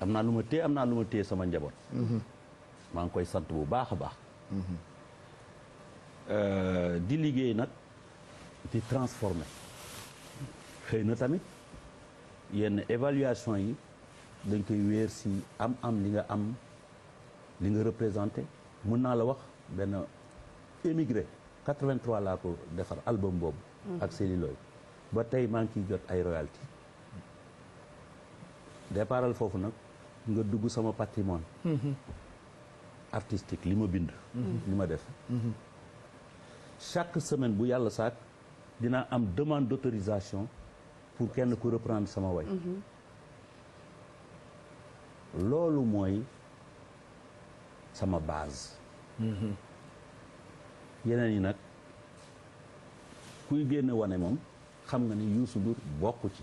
am naa lu ma téye am naa lu ma téye sama njaboot. maa ngi koy sant bu baax a baax. Euh, di liggéey nag di transformer xëy na tamit yenn évaluation yi dañ koy wéer si am-am li nga am li nga représenté mën naa la wax benn émigré 83 laa ko defar album boobu. ak Seli ba tey maa ngi ciy jot ay royalty déparal fofu nak nga dugg sama patrimoine mhm. artistique lima ma bind mhm. li ma def mhm. chaque semaine bu yalla sak dina am demande d'autorisation pour kenn ko reprendre sama way lolu moy sama base yeneen yi nak kuy génn wane mom xam nga ni Youssou Ndour ci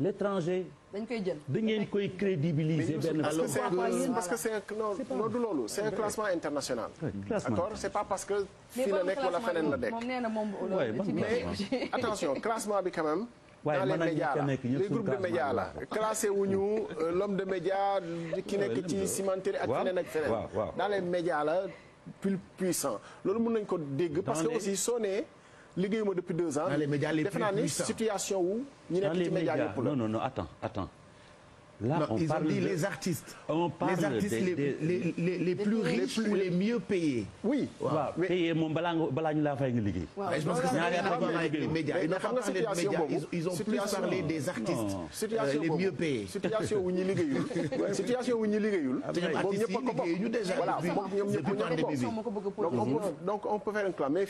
l'étranger. dañ koy jël koy crédibiliser benn. parce que c'est parce que c'est non non c'est un classement international. d'accord c'est pas parce que. fii la nekk wala feneen la nekk mais attention classement bi quand même. dans les médias, les groupes de médias là. classé wuñu euh, l'homme de médias qui nekk ci cimenterie ak feneen dans les médias là, plus puissant L'homme mën nañ ko dégg. parce que aussi sonné ligue depuis deux ans. Dans les médias les plus puissants. situation où, dans les médias. Non, non, non, attends, attends ils ont dit les artistes. On parle les les, Les, les, plus riches ou les mieux payés. Oui. Payés, mon balagne la Je pense que c'est les médias. Ils des médias. Ils ont plus parlé des artistes. Euh, les mieux payés. Situation où il Les Situation où ah, Donc, on peut faire un clan. Mais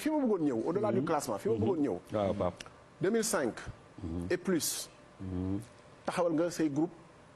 au-delà du mhm. classement, 2005 mhm. ah, mhm. et plus, tu as groupe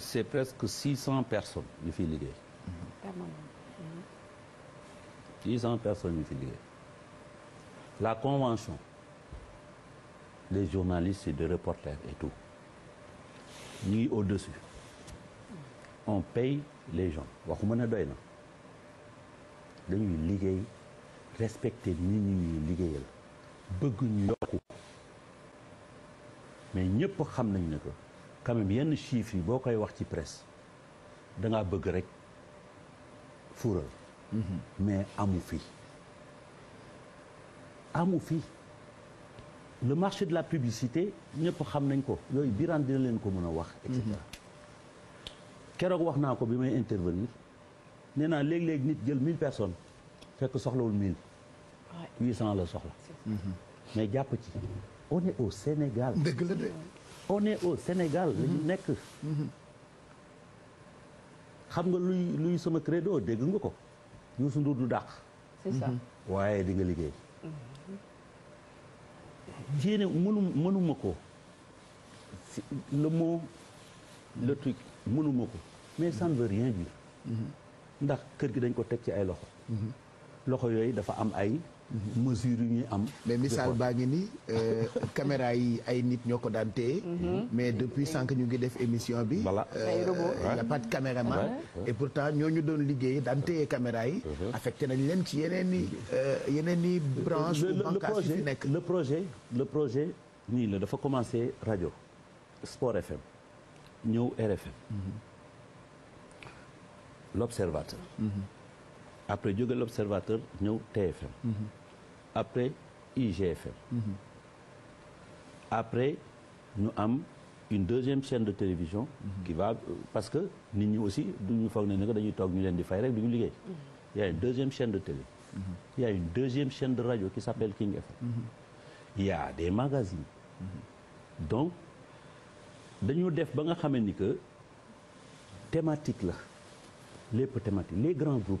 c'est presque 600 personnes qui sont 600 personnes qui fiy la convention les journalistes et les reporters et tout ni au-dessus on paye les gens Vous ne les dañuy respecter les ñi mais ñëpp xam nañ pas quand même yenn chiffres yi boo koy wax ci presse da ngaa bëgg rek fuural mhm. mais amu fi amu fi le marché de la publicité ñëpp xam nañ ko yooyu Birane dina leen ko mën a wax et cetera mhm. keroog wax naa ko bi may intervenir nee naa léeg-léeg nit jël mille personnes fekk soxlawul mille huit cent la soxla mhm. mais jàpp ci on est au Sénégal dëgg la de on est senegal Sénégal la ñu mm-hmm. nekk mm-hmm. xam nga luy luy sama credo dégg nga ko Youssou Ndour du dàq c'est mm-hmm. waaye dinga liggéey jéene mënu mënuma ko le mot le truc mënuma ko mais ça ne bi ndax kër gi dañ ko teg ci ay loxo loxo yooyu dafa am ay mesure am. mais Miss Albagini, ngi ni euh, caméra yi ay nit ñoko mhm. mais depuis sank ñu ngi def émission bi. voilà euh, ay a pas de caméraman. et pourtant ñoñu doon liggéey daan téye caméra yi. Mhm. affecté nañ leen ci yeneen ni euh, yeneen ni branche ou bànqaas yi nekk. le projet le projet ni la dafa commencer radio, Sport FM ñëw RFM. Mhm. l'observateur après jóge Observateur, ñeu TFM mhm. après IGFM mhm. après nous avons une deuxième chaîne de télévision mhm. qui va parce que nous aussi nous faisons il y a une deuxième chaîne de télé il y a une deuxième chaîne de radio qui s'appelle King FM il y a des magazines donc nous def ba nga ni que thématique la Les thématiques, les grands groupes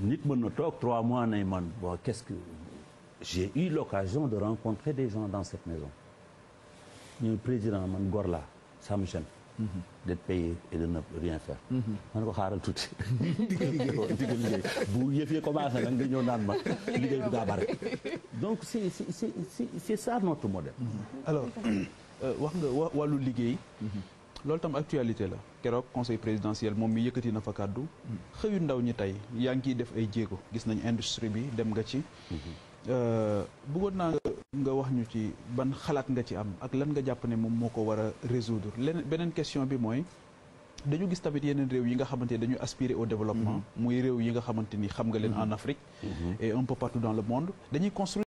nit mën na trois mois nay man bon qu'est-ce que j'ai eu l'occasion de rencontrer des gens dans cette maison le président man Gorla, ça me gêne mhm. d'être payé et de ne rien faire mhm. man ko tout. tuuti digga liggéey bu yëf yi commencé nag nga ñëw naan ma donc c'est c'est c'est c'est ça notre modèle mhm. alors euh, wax nga wàllu liggéey loolu tam actualité la keroog conseil présidentiel moom mi yëkkati na fa kàddu xëyu ndaw ñi tey yaa ngi ciy def ay jéego gis nañ industrie bi dem nga ci mhm. euh, bëggoon naa nga wax ñu ci ban xalaat nga ci am ak lan nga jàpp ne moom moo ko war a résoudre leneen beneen question bi mooy dañu gis tamit yeneen réew yi nga xamante ne dañu aspirer au développement mhm. muy réew yi nga xamante ni xam nga leen mhm. en Afrique et un peu partout dans le monde dañuy construire